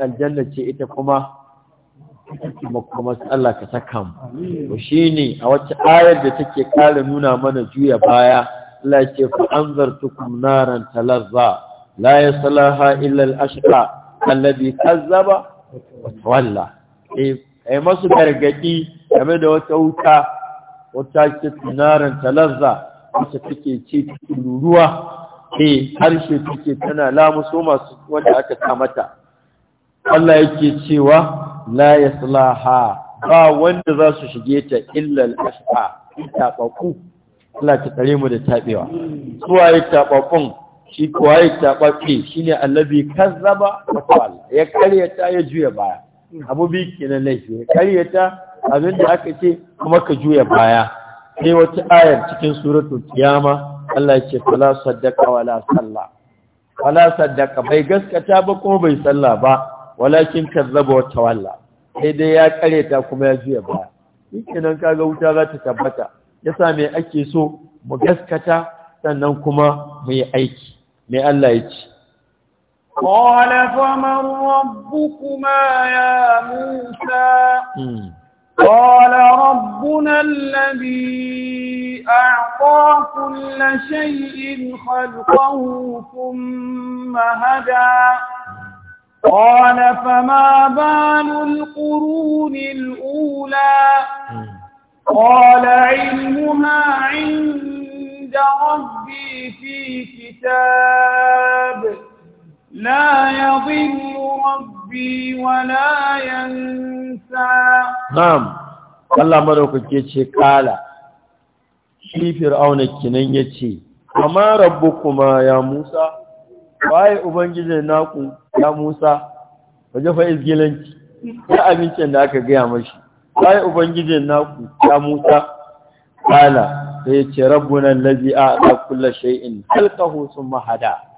aljanna ce ita kuma kuma Allah ka saka mu shi ne a wacce ayar da take kare nuna mana juya baya Allah ya ce fa anzartukum naran talazza la ya salaha illal ashqa alladhi kazzaba wa tawalla eh masu gargadi game da wata wuta wata ce naran talazza wacce take ci cikin ruwa eh harshe take tana lamuso masu wanda aka sa mata Allah yake cewa la yaslaha ba wanda za su shige ta illa al-ashqa tabaku Allah ta tare mu da tabewa suwaye tabakun shi kuwaye tabake shine annabi kazzaba wa tawalla ya karyata ya juya baya abu bi kenan laifi ya karyata abinda aka ce kuma ka juya baya sai wata ayar cikin suratul qiyamah Allah ce fala saddaka wala salla fala saddaka bai gaskata ba kuma bai salla ba walakin kazzaba wa tawalla sai dai ya ta kuma ya juya ba kenan kaga wuta za ta tabbata yasa me ake so mu gaskata sannan kuma mu yi aiki me Allah ya ce fa man rabbukuma ya musa hmm. قال ربنا الذي أعطى كل شيء خلقه ثم هدى قال فما بال القرون الأولى قال علمها عند ربي في كتاب لا يضل ربي ولا ينسى نعم الله مروكي ce قال في fir'auna kinan yace amma ربكما ya Musa waye ubangijin ناكو ya Musa waje fa izgilanci ya abincin da aka gaya mashi waye ubangijin naku ya Musa kala sai ya ce rabbuna allazi a'ta kulli shay'in khalqahu thumma hada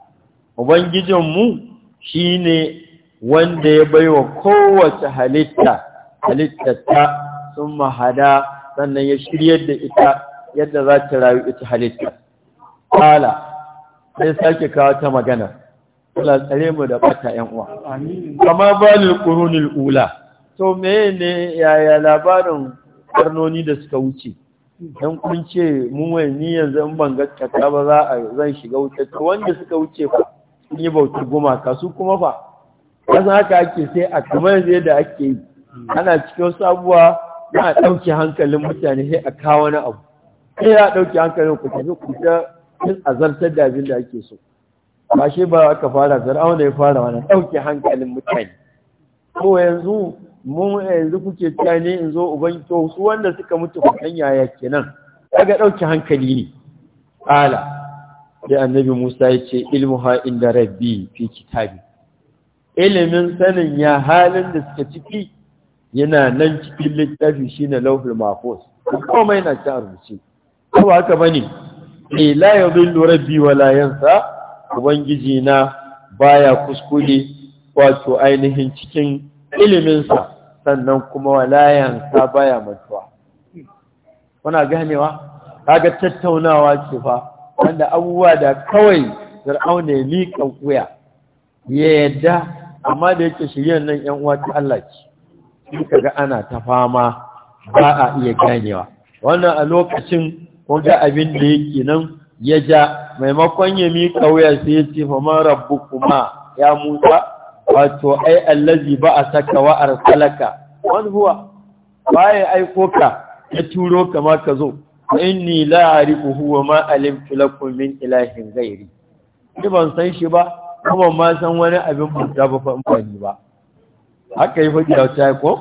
Ubangijinmu shi ne wanda ya bai wa kowace halitta, halitta ta sun mahada sannan ya shirya da ita yadda za ta rayu ita halitta. Kala, sai sake kawo ta magana, kula tsare mu da bata uwa. Kama balil ƙurunin ula, to me ne yaya labarin ƙarnoni da suka wuce. don kun ce mun wani yanzu ban gaskata ba za a zan shiga wuce to wanda suka wuce ba sun yi bautar gumaka su kuma fa kasan haka ake sai a kamar yanzu yadda ake yi ana cikin sabuwa abubuwa za a ɗauki hankalin mutane sai a kawo wani abu sai ya ɗauki hankalin ku tafi ku ta yin azartar da abin da ake so ba shi ba aka fara wanda ya fara wani ɗauki hankalin mutane ko yanzu mun yanzu kuke cewa ne in zo uban to su wanda suka mutu kukan yaya kenan kaga ɗauki hankali ne ala sai annabi Musa ya ce ilmuha inda rabbi fi kitabi ilimin sanin ya halin da suka ciki yana nan cikin littafi shine lauhul mahfuz komai na ta rubuce ko haka bane eh la Lurabi rabbi wala yansa ubangiji na baya kuskure wato ainihin cikin iliminsa sannan kuma wala yansa baya matuwa. kuna ganewa kaga tattaunawa ce fa wanda abubuwa da kawai zar'au ne miƙa ƙuya, ya yadda amma da yake shirya nan yan uwa Allah ce sai ga ana ta fama ba a iya ganewa wannan a lokacin kun ga abin da yake nan ya ja maimakon ya miƙa wuya sai ya ce fama, "Rabbu kuma ya Musa wato ai allazi ba a saka wa arsalaka wani huwa ya aiko ka ya turo kama ka zo wa inni la arifu huwa ma alimtu lakum min ilahin ghairi ni ban san shi ba kuma ma san wani abin da ba fa amfani ba haka yi fadi ta ko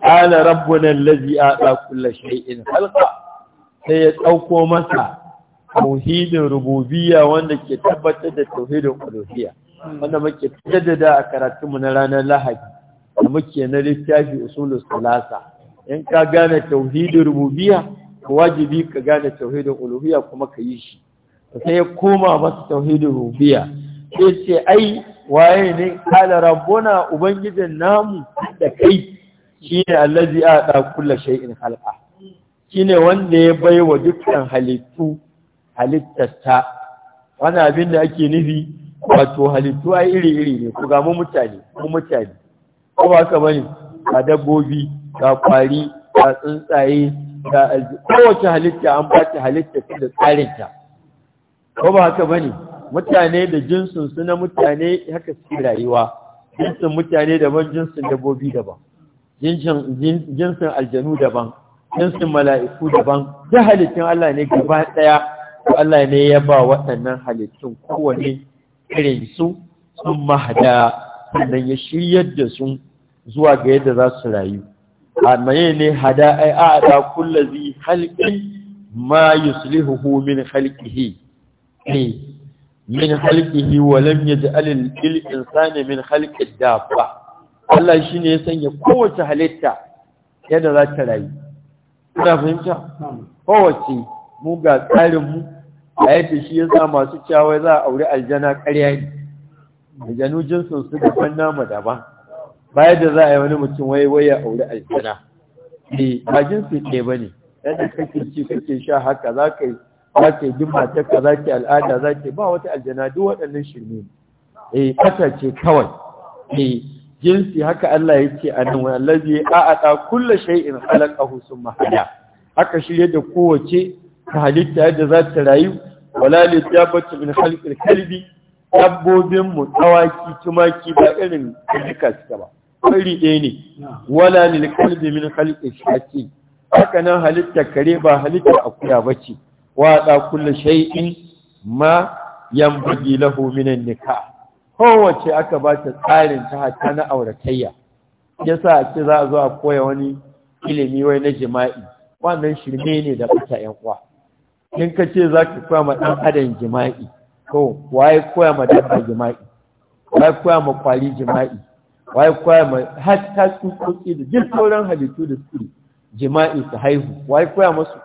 ala rabbuna allazi a'ta kulli shay'in khalqa sai ya dauko masa tauhidin rububiyya wanda ke tabbatar da tauhidin uluhiyya wanda muke jaddada a karatunmu na ranar Lahadi da muke na littafi usulus salasa in ka gane tauhidin rububiyya ka wajibi ka gane tauhidin uluhiyya kuma ka yi shi sai ya koma masa tauhidin rubiya sai ce ai waye ne kala rabbuna ubangijin namu da kai shine allazi a da kulla shay'in halqa shine wanda ya baiwa dukkan halittu halittarta wani abin da ake nufi wato halittu ai iri-iri ne ku ga mu mutane mu mutane ko ba ka bane ga dabbobi ga kwari ga tsuntsaye kowace halitta an ba ta halitta ta da tsarinta ko ba haka bane mutane da jinsin su na mutane haka suke rayuwa jinsin mutane daban jinsin dabbobi daban jinsin aljanu daban jinsin mala'iku daban duk halittun Allah ne gaba daya Allah ne ya ba waɗannan halittun kowane irin su sun mahada sannan ya shiryar da su zuwa ga yadda za su rayu a maye ne hada ai a da kullazi halqi ma yuslihu min halqihi eh, min halqihi wa lam yaj'al lil insani min halqi dabba Allah shine ya sanya kowace halitta yadda za ta rayu kuna fahimta kowace mu ga tsarin mu a yadda shi ya sa masu cewa za a aure aljana ƙarya ne aljanu jinsin su da fanna mu daban baya da za a yi wani mutum wai wai ya auri aljana ne eh, ba jinsi ɗaya ba ne yadda kake ci kake sha haka za ka yi za ka yi za ka yi al'ada za ka yi ba wata aljana duk waɗannan shirme ne eh ce kawai E, jinsi haka Allah ya ce a nan wani allazi a a ta kulla shay'in khalaqahu summa hada haka shirya da kowace ta halitta yadda za ta rayu wala li bata min khalqil kalbi dabbobin mu tawaki tumaki ba irin duka suka ba kwari ɗaya ne wala na kalbi min khalqi haka nan halittar kare ba halitta akuya ce wa ɗa kula shaiin ma 'yan bugi laho min an kowace aka ba ta tsarin ta hata na auratayya yasa a ce za a zo a koya wani ilimi wai na jima'i wannan shirme ne da ɓata yan uwa in ka ce za ka koya ma ɗan adam jima'i ko waye koya ma dabba jima'i waye koya ma kwari jima'i waye koya mai hatta tsutsotsi da duk sauran halittu da suke jima'i su haihu waye koya masu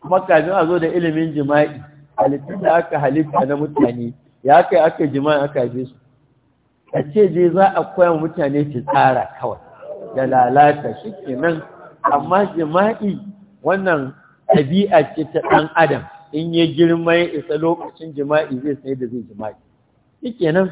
kuma kafin a zo da ilimin jima'i halittun da aka halitta na mutane ya aka yi aka jima'i aka haife su a ce je za a koya mutane ki tsara kawai da lalata shi kenan amma jima'i wannan ɗabi'a ce ta ɗan adam in ya girma ya isa lokacin jima'i zai sai da zai jima'i shi kenan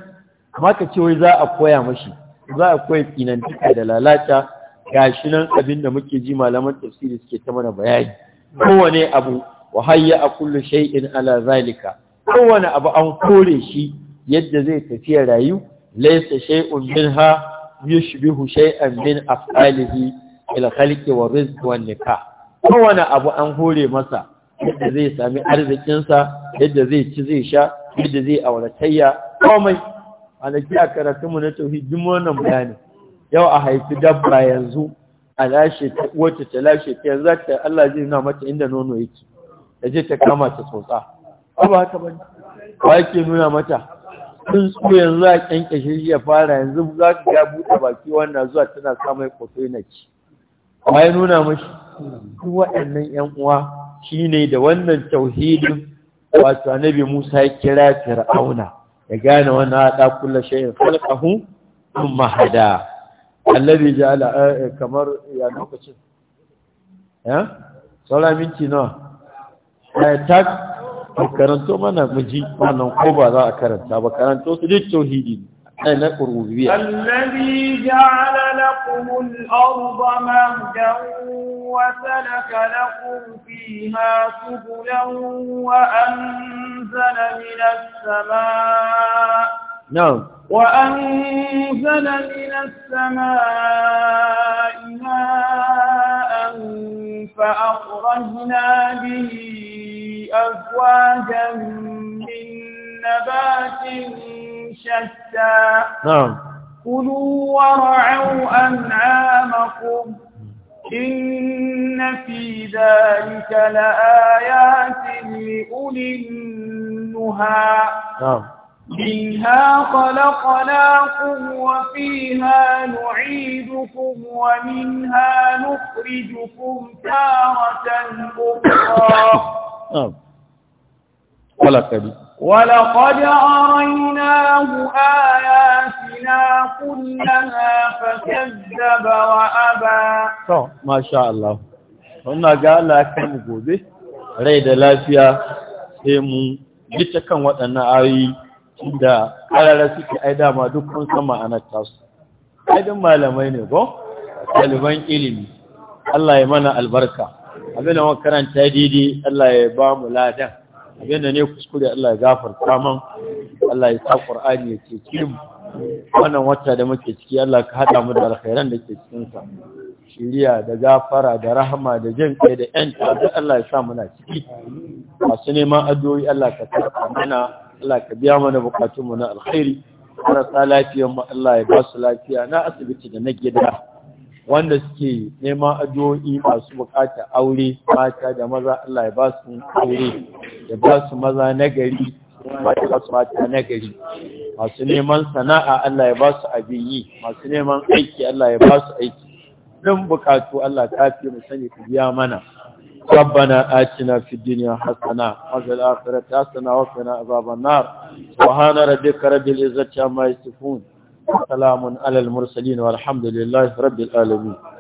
amma ka ce wai za a koya mashi za a koya tsinantuka da lalata gashi nan abin da muke ji malaman tafsiri suke ta mana bayani kowane abu wa hayya a kullu shay'in ala zalika kowane abu an kore shi yadda zai tafiya rayu laysa shay'un minha yushbihu shay'an min af'alihi ila khalqi wa rizq wa Nika. kowane abu an hore masa yadda zai sami arzikinsa yadda zai ci zai sha yadda zai auratayya komai kwanaki a mu na tauhid duk wannan bayani yau a haifi dabba yanzu a lashe ta wacce ta lashe ta yanzu ta Allah zai nuna mata inda nono yake ta je ta kama ta tsotsa ba ba ta bane ba yake nuna mata sun su yanzu a kyankyashe shi ya fara yanzu za ka ga buɗe baki wannan zuwa tana ya kwato na ci ba ya nuna mashi duk waɗannan ƴan uwa shine da wannan tauhidin wato annabi Musa ya kira Fir'auna ya gane wannan hada kullu shay'in khalqahu thumma hada alladhi ja'ala eh, eh, kamar ya lokacin ya saura minti nawa eh tak karanto mana miji wannan ko ba za a karanta ba karanto su duk tauhidi ne الذي جعل لكم الأرض مهدا وسلك لكم فيها سبلا وأنزل من السماء نعم وأنزل من السماء ماء فأخرجنا به أزواجا من نبات شتى نعم كلوا ورعوا أنعامكم إن في ذلك لآيات لأولي النهى نعم منها خلقناكم وفيها نعيدكم ومنها نخرجكم تارة أخرى نعم خلق ولقد أريناه آياتنا كلها فكذب وأبى to ما شاء الله wannan ga Allah ya mu gobe rai da lafiya sai mu ji ta kan waɗannan ayoyi da karara suke ai dama dukkan sama ana tasu aidin malamai ne ko ɗaliban ilimi Allah ya mana albarka abin da karanta daidai Allah ya ba mu ladan da ne kuskure Allah ya gafarta man Allah ya sa Qur'ani ya ce kirim wannan wata da muke ciki Allah ka hada mu da alkhairan da ke cikin sa shiriya da gafara da rahama da jin kai da yan da Allah ya sa muna ciki masu neman addu'o'i Allah ka karɓa mana Allah ka biya mana bukatun mu na alkhairi marasa lafiyan mu Allah ya ba su lafiya na asibiti da na gida wanda suke neman addu'o'i masu bukata, aure mata da maza Allah ya ba su aure ya ba su maza nagari kuma ba su mata nagari masu neman sana'a Allah ya ba su abin yi masu neman aiki Allah ya ba su aiki din bukatu Allah ta fi mu sani ku biya mana ربنا آتنا في الدنيا حسنة وفي الآخرة حسنة وقنا عذاب النار سبحان ربك رب العزة عما يصفون salamun alal mursalin walhamdulillahi rabbil alamin